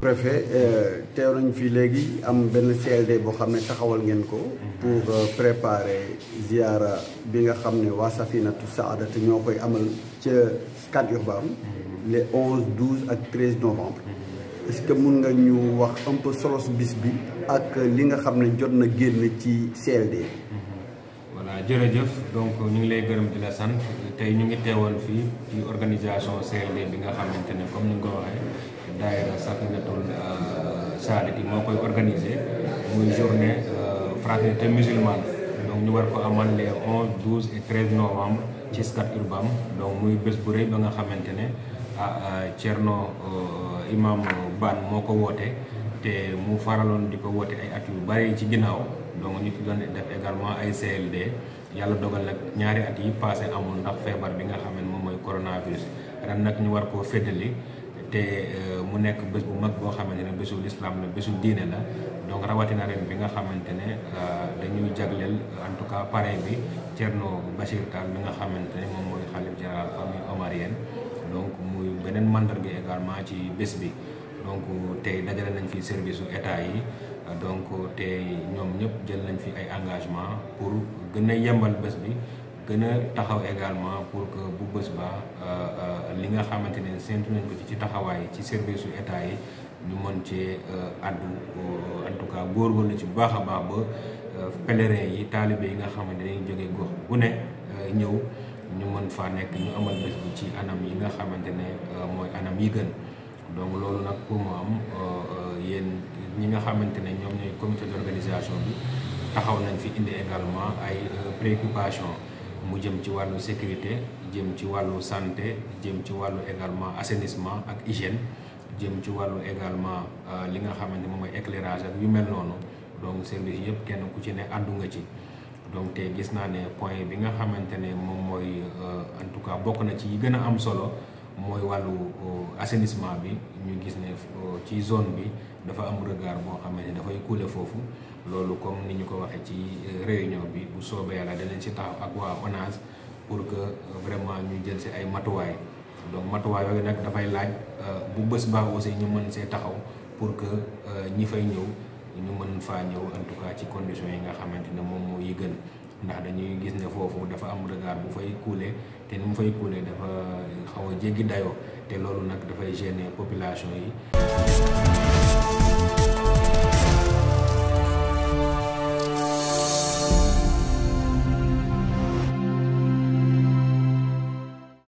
préfet euh, teew fi léegi am benn CLD boo xam ne taxawal ngeen ko pour euh, préparer ziara bi nga xam ne waa Safinatoul Saada te ñoo koy amal ca Scat Urbam les onze douze ak treize novembre est que mun nga ñu wax un peu solos bis bi ak li nga xam ne jot na génn ci CLD jërëjëf donc ñu ngi lay gërëm di la sant tey ñu ngi teewoon fii ci organisation CLD bi nga xamante ne comme ni nga ko waxee daayira Safinatul euh, Saaliki moo koy organiser muy journée euh, fraternité musulmane donc ñu war ko amal les 11 12 et 13 novembre ci Scat Urbam donc muy bés bu rëy ba nga xamante ne ah euh, Thierno Imam Ban moo ko woote te mu faraloon di ko woote ay at yu bari ci ginnaaw. donc ñu tuddane def également ay CLD yalla dogal nak ñaari at yi eh, passé amul ndax febar bi nga xamné mom moy coronavirus ran nak ñu war ko fédali té mu nekk bëss bu mag bo xamné ne bëssu l'islam la bëssu diiné la donc rawati na len bi nga xamantene eh, dañuy jaglel en eh, tout cas pareil bi Tierno Bachir Tall bi nga xamantene mom moy Khalif General Fami Omarien donc muy benen mandarga également ci bëss bi donc tay dajalé nañ fi service état yi donc tay ñom ñep jël nañ fi ay engagement pour gëna yembal bëss bi gëna taxaw également pour que bu bëss ba euh, euh, li nga xamanteni sentu nañ ko ci ci taxaway ci service état yi ñu mën ci euh, addu en tout cas gor gor na ci baaxa baax ba pèlerin yi talibé yi nga xamanteni ñu joggé gox bu ne ñew ñu mën fa nek ñu amal bëss bi ci anam yi nga xamanteni moy anam yi gën donc loolu nag pour mu am euh, euh, yéen ñi nga xamante ne ñoom ñooy comité d'organisation bi taxaw nañ fi indi également ay euh, préoccupations mu jëm ci wàllu sécurité jëm ci wàllu santé jëm ci wàllu également assainissement ak hygiène jëm ci wàllu également li nga xamante moom mooy éclairage ak yu mel noonu donc service yëpp kenn ku ci ne àndu nga ci donc te gis naa ne point bi nga xamante ne moom mooy en tout cas bokk na ci yi gën a am solo mooy wàllu euh, assainissement bi ñu gis ne euh, ci zone bi dafa am regard boo xam ne dafay couler foofu loolu comme ni ñu ko waxee ci euh, réunion bi bu soobee yàlla danañ si taxaw ak waa ONAS pour que vraiment ñu jël si ay matuwaay donc matuwaay yooyu nag dafay laaj bu bës baax aussi ñu mën see taxaw pour que ñi fay ñëw ñu mën faa ñëw en tout cas ci conditions yi nga xamante ne moom moo yi gën. ndax dañuy gis ne foofu dafa am regard bu fay couler te ni mu fay couler dafa xaw a jéggi dayoo te loolu nag dafay gêner population yi.